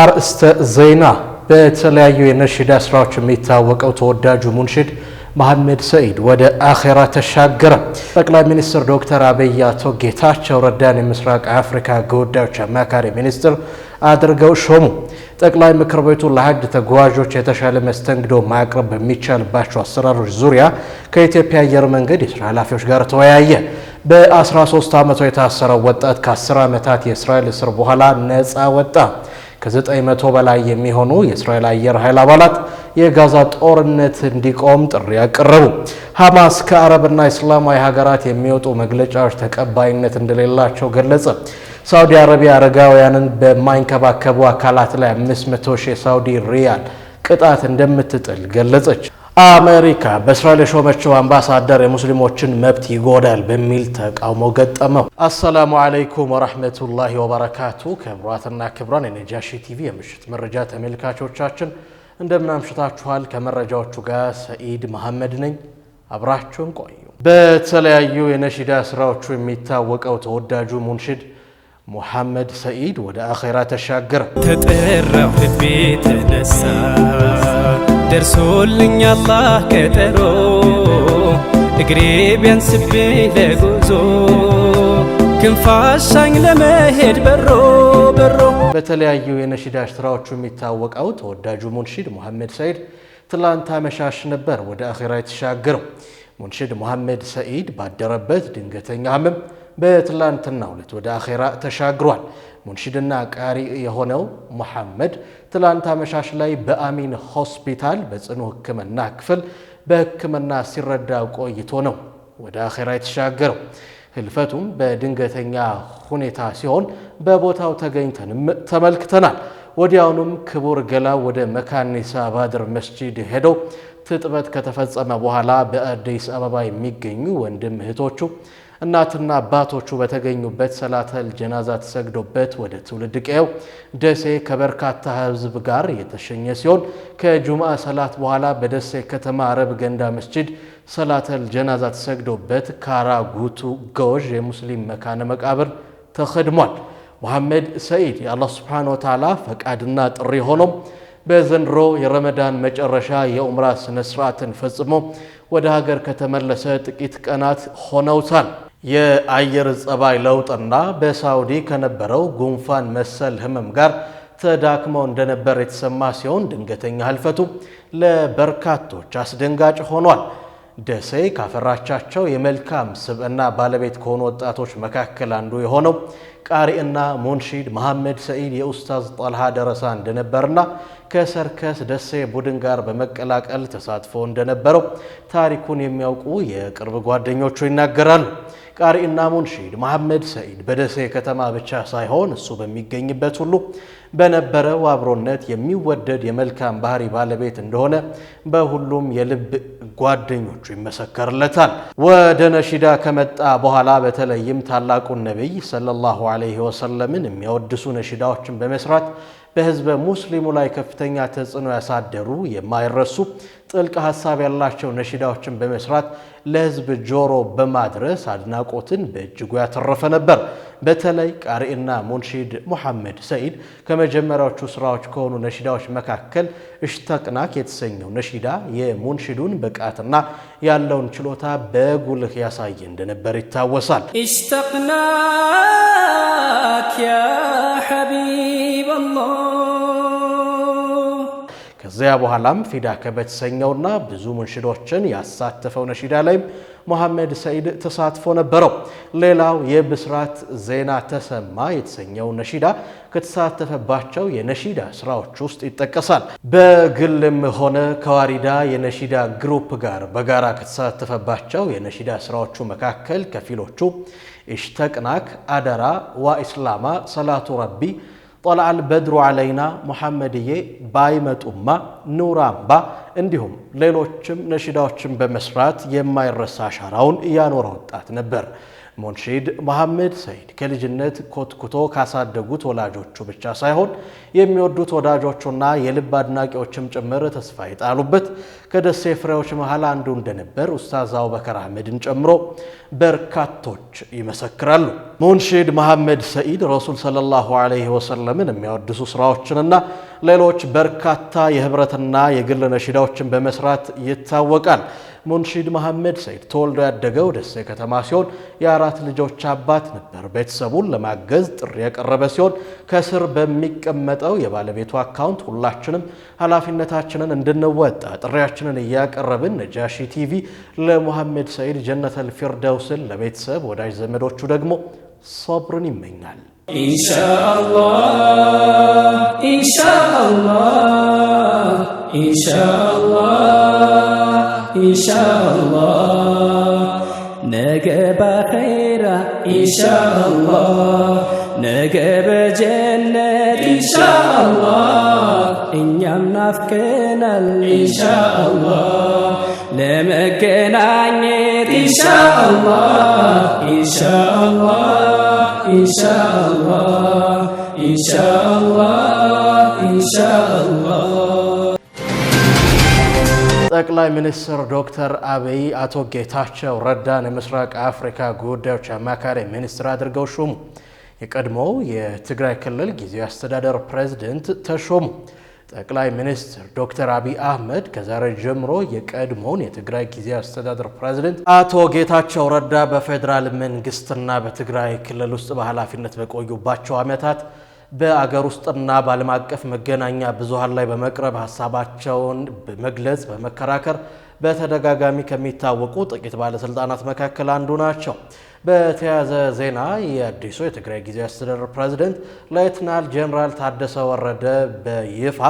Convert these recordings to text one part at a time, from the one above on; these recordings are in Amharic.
አርእስተ ዜና በተለያዩ የነሽዳ ስራዎች የሚታወቀው ተወዳጁ ሙንሽድ መሐመድ ሰኢድ ወደ አኼራ ተሻገረ። ጠቅላይ ሚኒስትር ዶክተር አብይ አቶ ጌታቸው ረዳን የምስራቅ አፍሪካ ጉዳዮች አማካሪ ሚኒስትር አድርገው ሾሙ። ጠቅላይ ምክር ቤቱ ለሀጅ ተጓዦች የተሻለ መስተንግዶ ማቅረብ በሚቻልባቸው አሰራሮች ዙሪያ ከኢትዮጵያ አየር መንገድ የስራ ኃላፊዎች ጋር ተወያየ። በ13 ዓመቱ የታሰረው ወጣት ከ10 ዓመታት የእስራኤል እስር በኋላ ነፃ ወጣ። ከዘጠኝ መቶ በላይ የሚሆኑ የእስራኤል አየር ኃይል አባላት የጋዛ ጦርነት እንዲቆም ጥሪ አቀረቡ። ሐማስ ከአረብና እስላማዊ ሀገራት የሚወጡ መግለጫዎች ተቀባይነት እንደሌላቸው ገለጸ። ሳውዲ አረቢያ አረጋውያንን በማይንከባከቡ አካላት ላይ 500 ሺህ ሳዑዲ ሪያል ቅጣት እንደምትጥል ገለጸች። አሜሪካ በእስራኤል የሾመችው አምባሳደር የሙስሊሞችን መብት ይጎዳል በሚል ተቃውሞ ገጠመው። አሰላሙ አለይኩም ወረህመቱላሂ ወበረካቱ። ክብሯትና ክብሯን የነጃሺ ቲቪ የምሽት መረጃ ተመልካቾቻችን እንደምናምሽታችኋል። ከመረጃዎቹ ጋር ሰኢድ መሐመድ ነኝ። አብራችሁን ቆዩ። በተለያዩ የነሺዳ ስራዎቹ የሚታወቀው ተወዳጁ ሙንሽድ ሙሐመድ ሰኢድ ወደ አኼራ ተሻገረ። ተጠራው ቤት ተነሳ ደርሶልኝ አላህ ቀጠሮ እግሬ ቢያንስብኝ ለጉዞ ክንፋሻኝ ለመሄድ በሮ በሮ በተለያዩ የነሺዳ ስራዎቹ የሚታወቀው ተወዳጁ ሙንሽድ ሙሐመድ ሰይድ ትላንት አመሻሽ ነበር ወደ አኼራ የተሻገረው። ሙንሽድ ሙሐመድ ሰይድ ባደረበት ድንገተኛ ህመም በትላንትና ሁለት ወደ አኼራ ተሻግሯል። ሙንሽድና ቃሪ የሆነው መሐመድ ትላንት አመሻሽ ላይ በአሚን ሆስፒታል በጽኑ ሕክምና ክፍል በሕክምና ሲረዳ ቆይቶ ነው ወደ አኼራ የተሻገረው። ህልፈቱም በድንገተኛ ሁኔታ ሲሆን በቦታው ተገኝተንም ተመልክተናል። ወዲያውኑም ክቡር ገላ ወደ መካኒሳ ባድር መስጂድ ሄደው ትጥበት ከተፈጸመ በኋላ በአዲስ አበባ የሚገኙ ወንድም እህቶቹ እናትና አባቶቹ በተገኙበት ሰላተል ጀናዛ ተሰግዶበት ወደ ትውልድ ቀየው ደሴ ከበርካታ ህዝብ ጋር የተሸኘ ሲሆን ከጁምአ ሰላት በኋላ በደሴ ከተማ አረብ ገንዳ መስጅድ ሰላተል ጀናዛ ተሰግዶበት ካራ ጉቱ ጎዥ የሙስሊም መካነ መቃብር ተኸድሟል። መሐመድ ሰኢድ የአላህ ስብሓነ ወተዓላ ፈቃድና ጥሪ ሆኖም በዘንድሮ የረመዳን መጨረሻ የኡምራ ስነ ስርዓትን ፈጽሞ ወደ ሀገር ከተመለሰ ጥቂት ቀናት ሆነውታል። የአየር ጸባይ ለውጥና በሳውዲ ከነበረው ጉንፋን መሰል ህመም ጋር ተዳክመው እንደነበር የተሰማ ሲሆን ድንገተኛ ህልፈቱ ለበርካቶች አስደንጋጭ ሆኗል። ደሴ ካፈራቻቸው የመልካም ስብዕና ባለቤት ከሆኑ ወጣቶች መካከል አንዱ የሆነው ቃሪእና ሙንሺድ መሐመድ ሰኢድ የኡስታዝ ጣልሃ ደረሳ እንደነበርና ከሰርከስ ደሴ ቡድን ጋር በመቀላቀል ተሳትፎ እንደነበረው ታሪኩን የሚያውቁ የቅርብ ጓደኞቹ ይናገራሉ። ቃሪና ሙንሺድ መሐመድ ሰኢድ በደሴ ከተማ ብቻ ሳይሆን እሱ በሚገኝበት ሁሉ በነበረው አብሮነት የሚወደድ የመልካም ባህሪ ባለቤት እንደሆነ በሁሉም የልብ ጓደኞቹ ይመሰከርለታል። ወደ ነሺዳ ከመጣ በኋላ በተለይም ታላቁን ነቢይ ሰለላሁ ዐለይሂ ወሰለምን የሚያወድሱ ነሺዳዎችን በመስራት በህዝበ ሙስሊሙ ላይ ከፍተኛ ተጽዕኖ ያሳደሩ የማይረሱ ጥልቅ ሀሳብ ያላቸው ነሽዳዎችን በመስራት ለህዝብ ጆሮ በማድረስ አድናቆትን በእጅጉ ያተረፈ ነበር። በተለይ ቃሪእና ሙንሺድ ሙሐመድ ሰኢድ ከመጀመሪያዎቹ ስራዎች ከሆኑ ነሽዳዎች መካከል እሽተቅናክ የተሰኘው ነሺዳ የሙንሺዱን ብቃትና ያለውን ችሎታ በጉልህ ያሳየ እንደነበር ይታወሳል። እሽተቅናክ ያ ሐቢብ አላህ ከዚያ በኋላም ፊዳ ከበተሰኘውና ብዙ ሙንሽዶችን ያሳተፈው ነሺዳ ላይም መሐመድ ሰይድ ተሳትፎ ነበረው። ሌላው የብስራት ዜና ተሰማ የተሰኘው ነሺዳ ከተሳተፈባቸው የነሺዳ ስራዎች ውስጥ ይጠቀሳል። በግልም ሆነ ከዋሪዳ የነሺዳ ግሩፕ ጋር በጋራ ከተሳተፈባቸው የነሺዳ ስራዎቹ መካከል ከፊሎቹ ኢሽተቅናክ፣ አደራ፣ ዋኢስላማ፣ ሰላቱ ረቢ ጦላአል በድሩ አለይና ሙሐመድዬ ባይመጡማ ኑራምባ እንዲሁም ሌሎችም ነሽዳዎችን በመስራት የማይረሳ አሻራውን እያኖረ ወጣት ነበር። ሙንሺድ መሐመድ ሰይድ ከልጅነት ኮትኩቶ ካሳደጉት ወላጆቹ ብቻ ሳይሆን የሚወዱት ወዳጆቹና የልብ አድናቂዎችም ጭምር ተስፋ የጣሉበት ከደሴ ፍሬዎች መሃል አንዱ እንደነበር ኡስታዝ አቡበከር አህመድን ጨምሮ በርካቶች ይመሰክራሉ። ሙንሺድ መሐመድ ሰኢድ ረሱል ሰለላሁ ዐለይሂ ወሰለምን የሚያወድሱ ስራዎችንና ሌሎች በርካታ የህብረትና የግል ነሽዳዎችን በመስራት ይታወቃል። ሙንሺድ መሐመድ ሰኢድ ተወልዶ ያደገው ደሴ ከተማ ሲሆን የአራት ልጆች አባት ነበር። ቤተሰቡን ለማገዝ ጥሪ ያቀረበ ሲሆን ከስር በሚቀመጠው የባለቤቱ አካውንት ሁላችንም ኃላፊነታችንን እንድንወጣ ጥሪያችንን እያቀረብን ነጃሺ ቲቪ ለሙሐመድ ሰኢድ ጀነተል ፊርደውስን ለቤተሰብ ወዳጅ ዘመዶቹ ደግሞ ሶብርን ይመኛል። ነገ ባኸይራ ኢንሻአላህ፣ ነገ በጀነት ኢንሻአላህ፣ እኛም ናፍቀናል ኢንሻአላህ፣ ለመገናኘት ኢንሻአላህ ኢንሻአላህ ጠቅላይ ሚኒስትር ዶክተር አብይ አቶ ጌታቸው ረዳን የምስራቅ አፍሪካ ጉዳዮች አማካሪ ሚኒስትር አድርገው ሾሙ። የቀድሞው የትግራይ ክልል ጊዜያዊ አስተዳደር ፕሬዝደንት ተሾሙ። ጠቅላይ ሚኒስትር ዶክተር አብይ አህመድ ከዛሬ ጀምሮ የቀድሞውን የትግራይ ጊዜ አስተዳደር ፕሬዚደንት አቶ ጌታቸው ረዳ በፌዴራል መንግስትና በትግራይ ክልል ውስጥ በኃላፊነት በቆዩባቸው ዓመታት በአገር ውስጥና በዓለም አቀፍ መገናኛ ብዙሃን ላይ በመቅረብ ሀሳባቸውን በመግለጽ በመከራከር በተደጋጋሚ ከሚታወቁ ጥቂት ባለስልጣናት መካከል አንዱ ናቸው። በተያያዘ ዜና የአዲሱ የትግራይ ጊዜ አስተዳደር ፕሬዚደንት ሌተናል ጄኔራል ታደሰ ወረደ በይፋ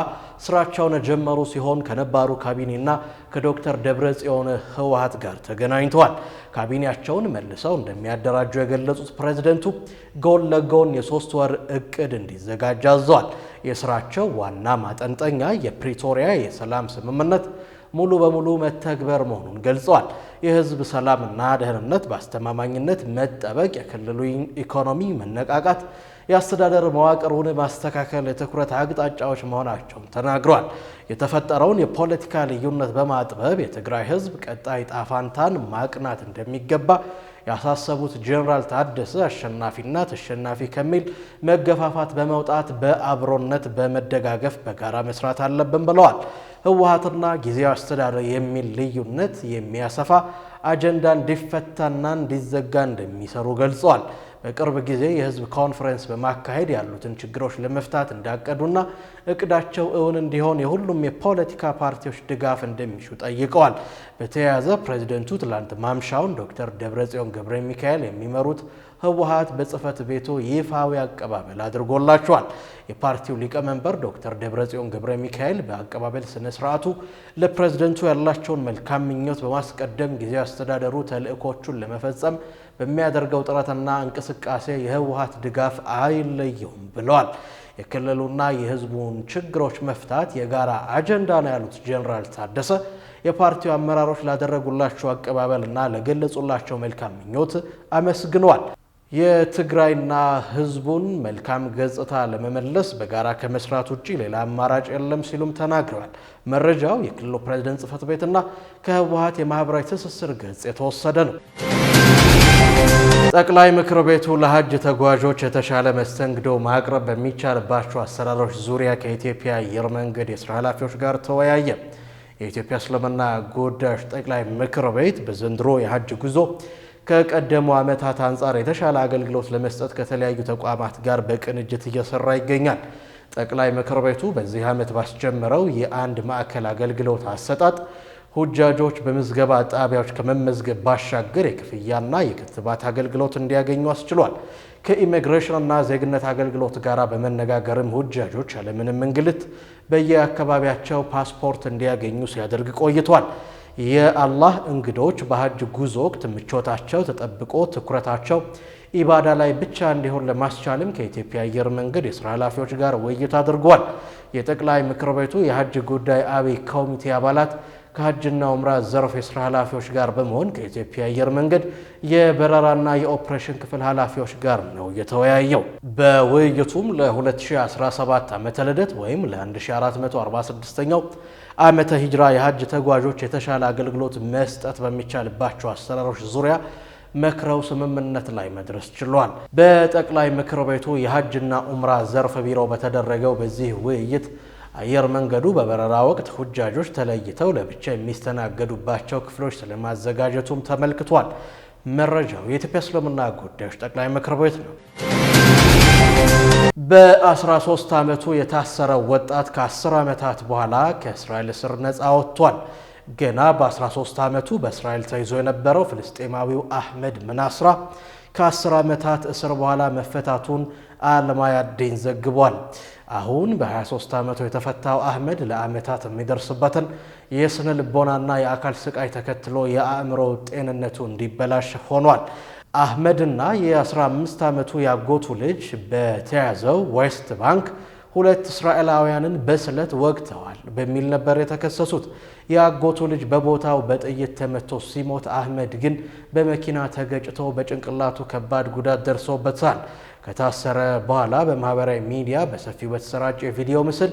ስራቸውን የጀመሩ ሲሆን ከነባሩ ካቢኔና ከዶክተር ጽዮን ህወሀት ጋር ተገናኝተዋል። ካቢኔያቸውን መልሰው እንደሚያደራጁ የገለጹት ፕሬዚደንቱ ጎን ለጎን የሶስት ወር እቅድ እንዲዘጋጅ አዘዋል። የስራቸው ዋና ማጠንጠኛ የፕሪቶሪያ የሰላም ስምምነት ሙሉ በሙሉ መተግበር መሆኑን ገልጸዋል። የህዝብ ሰላምና ደህንነት በአስተማማኝነት መጠበቅ፣ የክልሉ ኢኮኖሚ መነቃቃት የአስተዳደር መዋቅሩን ማስተካከል የትኩረት አቅጣጫዎች መሆናቸውን ተናግሯል። የተፈጠረውን የፖለቲካ ልዩነት በማጥበብ የትግራይ ሕዝብ ቀጣይ ጣፋንታን ማቅናት እንደሚገባ ያሳሰቡት ጄኔራል ታደሰ አሸናፊና ተሸናፊ ከሚል መገፋፋት በመውጣት በአብሮነት በመደጋገፍ በጋራ መስራት አለብን ብለዋል። ህወሓትና ጊዜያዊ አስተዳደር የሚል ልዩነት የሚያሰፋ አጀንዳ እንዲፈታና እንዲዘጋ እንደሚሰሩ ገልጸዋል። በቅርብ ጊዜ የህዝብ ኮንፈረንስ በማካሄድ ያሉትን ችግሮች ለመፍታት እንዳቀዱና እቅዳቸው እውን እንዲሆን የሁሉም የፖለቲካ ፓርቲዎች ድጋፍ እንደሚሹ ጠይቀዋል። በተያያዘ ፕሬዚደንቱ ትላንት ማምሻውን ዶክተር ደብረጽዮን ገብረ ሚካኤል የሚመሩት ህወሀት በጽህፈት ቤቱ ይፋዊ አቀባበል አድርጎላቸዋል። የፓርቲው ሊቀመንበር ዶክተር ደብረጽዮን ገብረ ሚካኤል በአቀባበል ስነ ስርዓቱ ለፕሬዝደንቱ ያላቸውን መልካም ምኞት በማስቀደም ጊዜ አስተዳደሩ ተልእኮቹን ለመፈጸም በሚያደርገው ጥረትና እንቅስቃሴ የህወሀት ድጋፍ አይለየውም ብለዋል። የክልሉና የህዝቡን ችግሮች መፍታት የጋራ አጀንዳ ነው ያሉት ጄኔራል ታደሰ የፓርቲው አመራሮች ላደረጉላቸው አቀባበልና ለገለጹላቸው መልካም ምኞት አመስግነዋል። የትግራይና ህዝቡን መልካም ገጽታ ለመመለስ በጋራ ከመስራት ውጭ ሌላ አማራጭ የለም ሲሉም ተናግረዋል። መረጃው የክልሉ ፕሬዚደንት ጽህፈት ቤትና ከህወሀት የማህበራዊ ትስስር ገጽ የተወሰደ ነው። ጠቅላይ ምክር ቤቱ ለሀጅ ተጓዦች የተሻለ መስተንግዶ ማቅረብ በሚቻልባቸው አሰራሮች ዙሪያ ከኢትዮጵያ አየር መንገድ የስራ ኃላፊዎች ጋር ተወያየ። የኢትዮጵያ እስልምና ጉዳዮች ጠቅላይ ምክር ቤት በዘንድሮ የሀጅ ጉዞ ከቀደሙ ዓመታት አንጻር የተሻለ አገልግሎት ለመስጠት ከተለያዩ ተቋማት ጋር በቅንጅት እየሰራ ይገኛል። ጠቅላይ ምክር ቤቱ በዚህ ዓመት ባስጀመረው የአንድ ማዕከል አገልግሎት አሰጣጥ ሁጃጆች በምዝገባ ጣቢያዎች ከመመዝገብ ባሻገር የክፍያና የክትባት አገልግሎት እንዲያገኙ አስችሏል። ከኢሚግሬሽንና ዜግነት አገልግሎት ጋር በመነጋገርም ሁጃጆች ያለምንም እንግልት በየአካባቢያቸው ፓስፖርት እንዲያገኙ ሲያደርግ ቆይቷል። የአላህ እንግዶች በሀጅ ጉዞ ወቅት ምቾታቸው ተጠብቆ ትኩረታቸው ኢባዳ ላይ ብቻ እንዲሆን ለማስቻልም ከኢትዮጵያ አየር መንገድ የስራ ኃላፊዎች ጋር ውይይት አድርጓል። የጠቅላይ ምክር ቤቱ የሀጅ ጉዳይ አብይ ኮሚቴ አባላት ከሀጅና ኡምራ ዘርፍ የስራ ኃላፊዎች ጋር በመሆን ከኢትዮጵያ አየር መንገድ የበረራና የኦፕሬሽን ክፍል ኃላፊዎች ጋር ነው የተወያየው። በውይይቱም ለ2017 ዓመተ ልደት ወይም ለ1446ኛው ዓመተ ሂጅራ የሀጅ ተጓዦች የተሻለ አገልግሎት መስጠት በሚቻልባቸው አሰራሮች ዙሪያ መክረው ስምምነት ላይ መድረስ ችሏል። በጠቅላይ ምክር ቤቱ የሀጅና ኡምራ ዘርፍ ቢሮ በተደረገው በዚህ ውይይት አየር መንገዱ በበረራ ወቅት ሁጃጆች ተለይተው ለብቻ የሚስተናገዱባቸው ክፍሎች ስለማዘጋጀቱም ተመልክቷል። መረጃው የኢትዮጵያ እስልምና ጉዳዮች ጠቅላይ ምክር ቤት ነው። በ13 ዓመቱ የታሰረው ወጣት ከ10 ዓመታት በኋላ ከእስራኤል እስር ነፃ ወጥቷል። ገና በ13 ዓመቱ በእስራኤል ተይዞ የነበረው ፍልስጤማዊው አህመድ ምናስራ ከአስር ዓመታት እስር በኋላ መፈታቱን አልማያዴን ዘግቧል። አሁን በ23 ዓመቱ የተፈታው አህመድ ለዓመታት የሚደርስበትን የስነ ልቦናና የአካል ስቃይ ተከትሎ የአእምሮ ጤንነቱ እንዲበላሽ ሆኗል። አህመድና የ15 ዓመቱ ያጎቱ ልጅ በተያዘው ዌስት ባንክ ሁለት እስራኤላውያንን በስለት ወግተዋል በሚል ነበር የተከሰሱት። የአጎቱ ልጅ በቦታው በጥይት ተመቶ ሲሞት፣ አህመድ ግን በመኪና ተገጭቶ በጭንቅላቱ ከባድ ጉዳት ደርሶበታል። ከታሰረ በኋላ በማህበራዊ ሚዲያ በሰፊው በተሰራጨ የቪዲዮ ምስል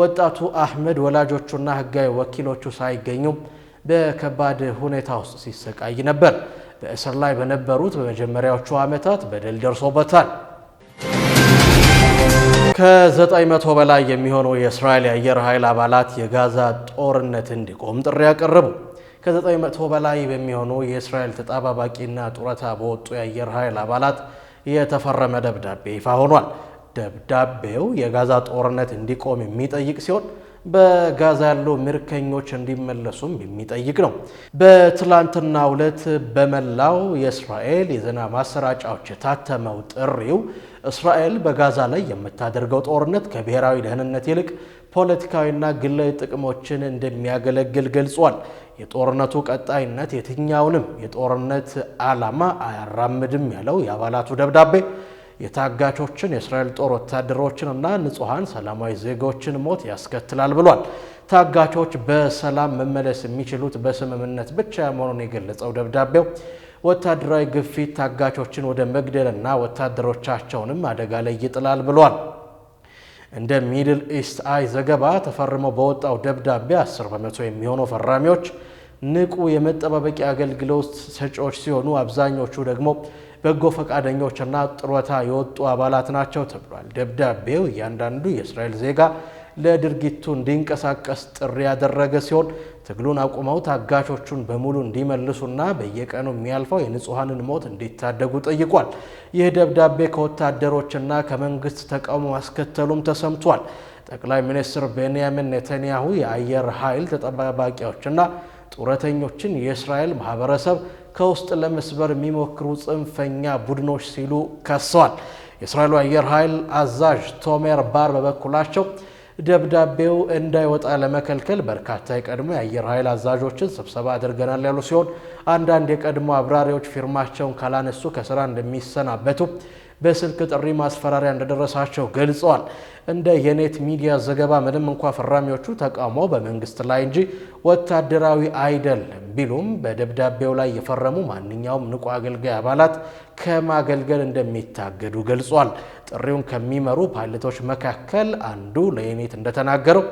ወጣቱ አህመድ ወላጆቹና ህጋዊ ወኪሎቹ ሳይገኙም በከባድ ሁኔታ ውስጥ ሲሰቃይ ነበር። በእስር ላይ በነበሩት በመጀመሪያዎቹ ዓመታት በደል ደርሶበታል። ከዘጠኝ መቶ በላይ የሚሆኑ የእስራኤል የአየር ኃይል አባላት የጋዛ ጦርነት እንዲቆም ጥሪ ያቀረቡ። ከዘጠኝ መቶ በላይ በሚሆኑ የእስራኤል ተጠባባቂና ጡረታ በወጡ የአየር ኃይል አባላት የተፈረመ ደብዳቤ ይፋ ሆኗል። ደብዳቤው የጋዛ ጦርነት እንዲቆም የሚጠይቅ ሲሆን በጋዛ ያሉ ምርኮኞች እንዲመለሱም የሚጠይቅ ነው። በትላንትና ዕለት በመላው የእስራኤል የዜና ማሰራጫዎች የታተመው ጥሪው እስራኤል በጋዛ ላይ የምታደርገው ጦርነት ከብሔራዊ ደህንነት ይልቅ ፖለቲካዊና ግላዊ ጥቅሞችን እንደሚያገለግል ገልጿል። የጦርነቱ ቀጣይነት የትኛውንም የጦርነት ዓላማ አያራምድም ያለው የአባላቱ ደብዳቤ የታጋቾችን የእስራኤል ጦር ወታደሮችን እና ንጹሐን ሰላማዊ ዜጎችን ሞት ያስከትላል ብሏል። ታጋቾች በሰላም መመለስ የሚችሉት በስምምነት ብቻ መሆኑን የገለጸው ደብዳቤው ወታደራዊ ግፊት ታጋቾችን ወደ መግደልና ወታደሮቻቸውንም አደጋ ላይ ይጥላል ብሏል። እንደ ሚድል ኢስት አይ ዘገባ ተፈርሞ በወጣው ደብዳቤ 10 በመቶ የሚሆኑ ፈራሚዎች ንቁ የመጠባበቂያ አገልግሎት ሰጪዎች ሲሆኑ አብዛኞቹ ደግሞ በጎ ፈቃደኞችና ጥሮታ የወጡ አባላት ናቸው ተብሏል። ደብዳቤው እያንዳንዱ የእስራኤል ዜጋ ለድርጊቱ እንዲንቀሳቀስ ጥሪ ያደረገ ሲሆን ትግሉን አቁመው ታጋቾቹን በሙሉ እንዲመልሱና በየቀኑ የሚያልፈው የንጹሐንን ሞት እንዲታደጉ ጠይቋል። ይህ ደብዳቤ ከወታደሮችና ከመንግስት ተቃውሞ ማስከተሉም ተሰምቷል። ጠቅላይ ሚኒስትር ቤንያሚን ኔተንያሁ የአየር ኃይል ተጠባባቂዎችና ጡረተኞችን የእስራኤል ማህበረሰብ ከውስጥ ለመስበር የሚሞክሩ ጽንፈኛ ቡድኖች ሲሉ ከሰዋል። የእስራኤሉ አየር ኃይል አዛዥ ቶሜር ባር በበኩላቸው ደብዳቤው እንዳይወጣ ለመከልከል በርካታ የቀድሞ የአየር ኃይል አዛዦችን ስብሰባ አድርገናል ያሉ ሲሆን አንዳንድ የቀድሞ አብራሪዎች ፊርማቸውን ካላነሱ ከስራ እንደሚሰናበቱ በስልክ ጥሪ ማስፈራሪያ እንደደረሳቸው ገልጸዋል። እንደ የኔት ሚዲያ ዘገባ ምንም እንኳ ፈራሚዎቹ ተቃውሞ በመንግስት ላይ እንጂ ወታደራዊ አይደል ቢሉም በደብዳቤው ላይ የፈረሙ ማንኛውም ንቁ አገልጋይ አባላት ከማገልገል እንደሚታገዱ ገልጿል። ጥሪውን ከሚመሩ ፓይለቶች መካከል አንዱ ለየኔት እንደተናገረው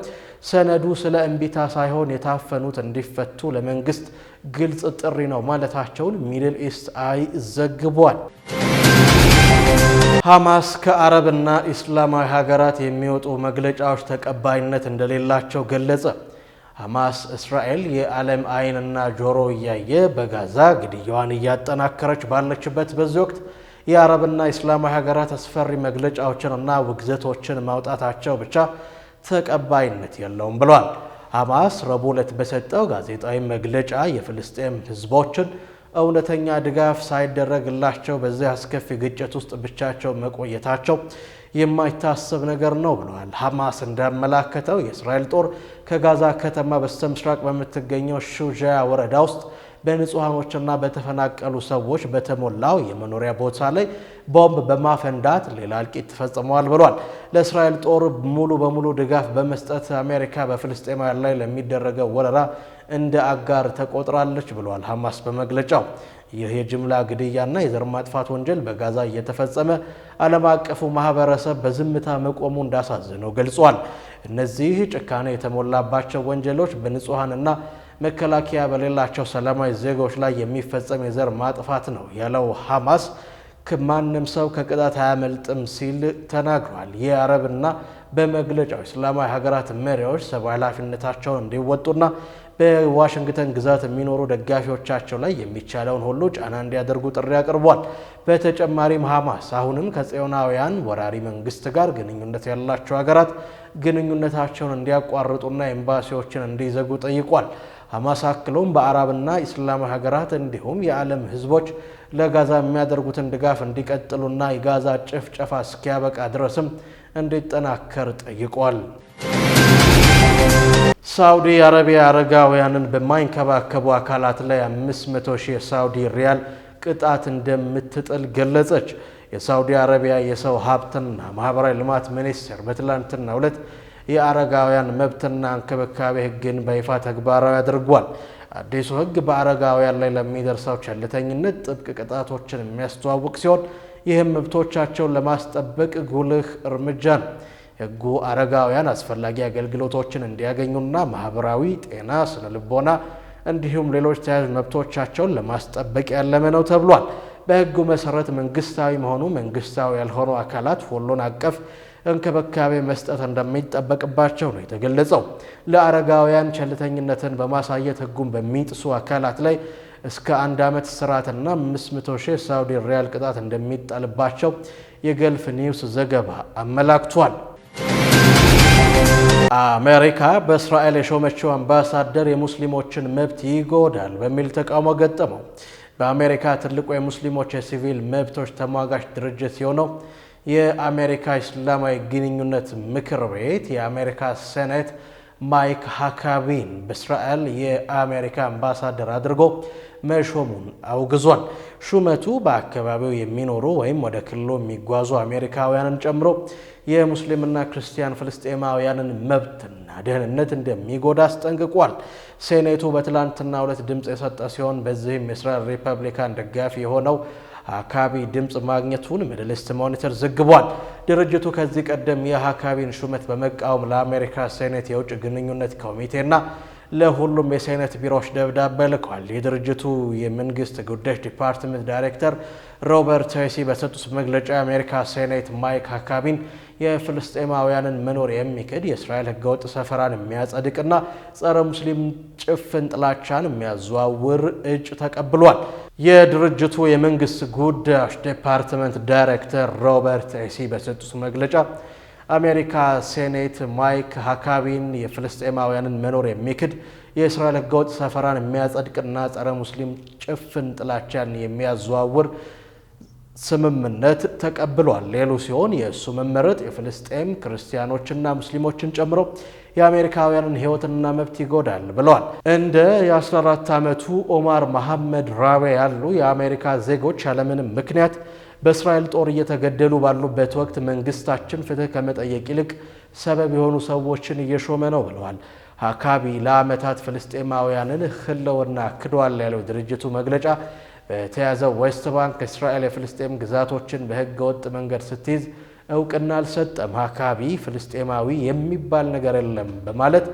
ሰነዱ ስለ እምቢታ ሳይሆን የታፈኑት እንዲፈቱ ለመንግስት ግልጽ ጥሪ ነው ማለታቸውን ሚድል ኢስት አይ ዘግቧል። ሐማስ ከአረብና ኢስላማዊ ሀገራት የሚወጡ መግለጫዎች ተቀባይነት እንደሌላቸው ገለጸ። ሐማስ እስራኤል የዓለም ዓይንና ጆሮ እያየ በጋዛ ግድያዋን እያጠናከረች ባለችበት በዚህ ወቅት የአረብና ኢስላማዊ ሀገራት አስፈሪ መግለጫዎችን እና ውግዘቶችን ማውጣታቸው ብቻ ተቀባይነት የለውም ብለዋል። ሐማስ ረቡዕ ዕለት በሰጠው ጋዜጣዊ መግለጫ የፍልስጤም ህዝቦችን እውነተኛ ድጋፍ ሳይደረግላቸው በዚህ አስከፊ ግጭት ውስጥ ብቻቸው መቆየታቸው የማይታሰብ ነገር ነው ብለዋል። ሐማስ እንዳመላከተው የእስራኤል ጦር ከጋዛ ከተማ በስተምስራቅ በምትገኘው ሹጃያ ወረዳ ውስጥ በንጹሐኖችና በተፈናቀሉ ሰዎች በተሞላው የመኖሪያ ቦታ ላይ ቦምብ በማፈንዳት ሌላ እልቂት ተፈጽመዋል ብሏል። ለእስራኤል ጦር ሙሉ በሙሉ ድጋፍ በመስጠት አሜሪካ በፍልስጤማውያን ላይ ለሚደረገው ወረራ እንደ አጋር ተቆጥራለች ብሏል ሐማስ በመግለጫው። ይህ የጅምላ ግድያና የዘር ማጥፋት ወንጀል በጋዛ እየተፈጸመ ዓለም አቀፉ ማህበረሰብ በዝምታ መቆሙ እንዳሳዝነው ገልጿል። እነዚህ ጭካኔ የተሞላባቸው ወንጀሎች በንጹሐንና መከላከያ በሌላቸው ሰላማዊ ዜጎች ላይ የሚፈጸም የዘር ማጥፋት ነው ያለው ሐማስ ማንም ሰው ከቅጣት አያመልጥም ሲል ተናግሯል። የአረብና በመግለጫው እስላማዊ ሀገራት መሪዎች ሰብአዊ ኃላፊነታቸውን እንዲወጡና በዋሽንግተን ግዛት የሚኖሩ ደጋፊዎቻቸው ላይ የሚቻለውን ሁሉ ጫና እንዲያደርጉ ጥሪ አቅርቧል። በተጨማሪም ሐማስ አሁንም ከጽዮናውያን ወራሪ መንግስት ጋር ግንኙነት ያላቸው ሀገራት ግንኙነታቸውን እንዲያቋርጡና ኤምባሲዎችን እንዲዘጉ ጠይቋል። ሐማስ አክሎም በአረብና ኢስላማዊ ሀገራት እንዲሁም የዓለም ህዝቦች ለጋዛ የሚያደርጉትን ድጋፍ እንዲቀጥሉና የጋዛ ጭፍጨፋ እስኪያበቃ ድረስም እንዲጠናከር ጠይቋል። ሳውዲ አረቢያ አረጋውያንን በማይንከባከቡ አካላት ላይ 500 ሺህ ሪያል ቅጣት እንደምትጥል ገለጸች። የሳውዲ አረቢያ የሰው ሀብትና ማህበራዊ ልማት ሚኒስቴር በትላንትና ዕለት የአረጋውያን መብትና እንክብካቤ ሕግን በይፋ ተግባራዊ አድርጓል። አዲሱ ሕግ በአረጋውያን ላይ ለሚደርሰው ቸልተኝነት ጥብቅ ቅጣቶችን የሚያስተዋውቅ ሲሆን ይህም መብቶቻቸውን ለማስጠበቅ ጉልህ እርምጃ ነው። ህጉ አረጋውያን አስፈላጊ አገልግሎቶችን እንዲያገኙና ማህበራዊ፣ ጤና፣ ስነ ልቦና እንዲሁም ሌሎች ተያያዥ መብቶቻቸውን ለማስጠበቅ ያለመ ነው ተብሏል። በህጉ መሰረት መንግስታዊ መሆኑ መንግስታዊ ያልሆኑ አካላት ሁሉን አቀፍ እንክብካቤ መስጠት እንደሚጠበቅባቸው ነው የተገለጸው። ለአረጋውያን ቸልተኝነትን በማሳየት ህጉን በሚጥሱ አካላት ላይ እስከ አንድ ዓመት እስራትና 500 ሺህ ሳውዲ ሪያል ቅጣት እንደሚጣልባቸው የገልፍ ኒውስ ዘገባ አመላክቷል። አሜሪካ በእስራኤል የሾመችው አምባሳደር የሙስሊሞችን መብት ይጎዳል በሚል ተቃውሞ ገጠመው። በአሜሪካ ትልቁ የሙስሊሞች የሲቪል መብቶች ተሟጋች ድርጅት የሆነው የአሜሪካ እስላማዊ ግንኙነት ምክር ቤት የአሜሪካ ሴኔት ማይክ ሃካቢን በእስራኤል የአሜሪካ አምባሳደር አድርጎ መሾሙን አውግዟል። ሹመቱ በአካባቢው የሚኖሩ ወይም ወደ ክልሉ የሚጓዙ አሜሪካውያንን ጨምሮ የሙስሊምና ክርስቲያን ፍልስጤማውያንን መብትና ደህንነት እንደሚጎዳ አስጠንቅቋል። ሴኔቱ በትላንትናው ዕለት ድምፅ የሰጠ ሲሆን በዚህም የእስራኤል ሪፐብሊካን ደጋፊ የሆነው አካቢ ድምፅ ማግኘቱን ሚድል ኢስት ሞኒተር ዘግቧል። ድርጅቱ ከዚህ ቀደም የአካቢን ሹመት በመቃወም ለአሜሪካ ሴኔት የውጭ ግንኙነት ኮሚቴና ለሁሉም የሴኔት ቢሮዎች ደብዳቤ ልኳል። የድርጅቱ የመንግስት ጉዳዮች ዲፓርትመንት ዳይሬክተር ሮበርት ሄሲ በሰጡት መግለጫ የአሜሪካ ሴኔት ማይክ ሀካቢን የፍልስጤማውያንን መኖር የሚክድ የእስራኤል ህገወጥ ሰፈራን የሚያጸድቅና ጸረ ሙስሊም ጭፍን ጥላቻን የሚያዘዋውር እጭ ተቀብሏል። የድርጅቱ የመንግስት ጉዳዮች ዲፓርትመንት ዳይሬክተር ሮበርት ሄሲ በሰጡት መግለጫ አሜሪካ ሴኔት ማይክ ሀካቢን የፍልስጤማውያንን መኖር የሚክድ የእስራኤል ህገወጥ ሰፈራን የሚያጸድቅና ጸረ ሙስሊም ጭፍን ጥላቻን የሚያዘዋውር ስምምነት ተቀብሏል ሌሉ ሲሆን የእሱ መመረጥ የፍልስጤም ክርስቲያኖችና ሙስሊሞችን ጨምሮ የአሜሪካውያንን ህይወትና መብት ይጎዳል ብለዋል። እንደ የ14 ዓመቱ ኦማር መሐመድ ራቤ ያሉ የአሜሪካ ዜጎች ያለምንም ምክንያት በእስራኤል ጦር እየተገደሉ ባሉበት ወቅት መንግስታችን ፍትህ ከመጠየቅ ይልቅ ሰበብ የሆኑ ሰዎችን እየሾመ ነው ብለዋል። ሀካቢ ለአመታት ፍልስጤማውያንን ህልውና ክዷል ያለው ድርጅቱ መግለጫ በተያዘው ዌስት ባንክ እስራኤል የፍልስጤም ግዛቶችን በህገ ወጥ መንገድ ስትይዝ እውቅና አልሰጠም። ሀካቢ ፍልስጤማዊ የሚባል ነገር የለም በማለት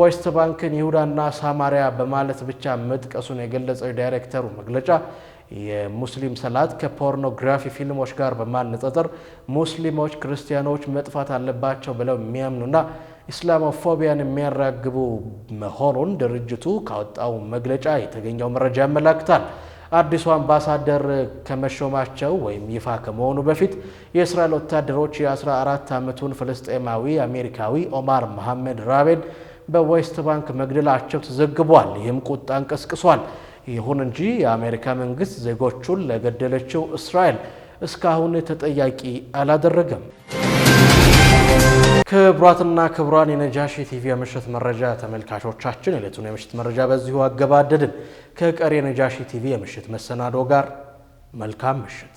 ዌስት ባንክን ይሁዳና ሳማሪያ በማለት ብቻ መጥቀሱን የገለጸው የዳይሬክተሩ መግለጫ የሙስሊም ሰላት ከፖርኖግራፊ ፊልሞች ጋር በማነጻጸር ሙስሊሞች ክርስቲያኖች መጥፋት አለባቸው ብለው የሚያምኑና ኢስላሞፎቢያን የሚያራግቡ መሆኑን ድርጅቱ ካወጣው መግለጫ የተገኘው መረጃ ያመላክታል። አዲሱ አምባሳደር ከመሾማቸው ወይም ይፋ ከመሆኑ በፊት የእስራኤል ወታደሮች የ14 ዓመቱን ፍልስጤማዊ አሜሪካዊ ኦማር መሐመድ ራቤን በዌስት ባንክ መግደላቸው ተዘግቧል። ይህም ቁጣ እንቀስቅሷል። ይሁን እንጂ የአሜሪካ መንግስት ዜጎቹን ለገደለችው እስራኤል እስካሁን ተጠያቂ አላደረገም። ክቡራትና ክቡራን የነጃሺ ቲቪ የምሽት መረጃ ተመልካቾቻችን የዕለቱን የምሽት መረጃ በዚሁ አገባደድን። ከቀሪ የነጃሺ ቲቪ የምሽት መሰናዶ ጋር መልካም ምሽት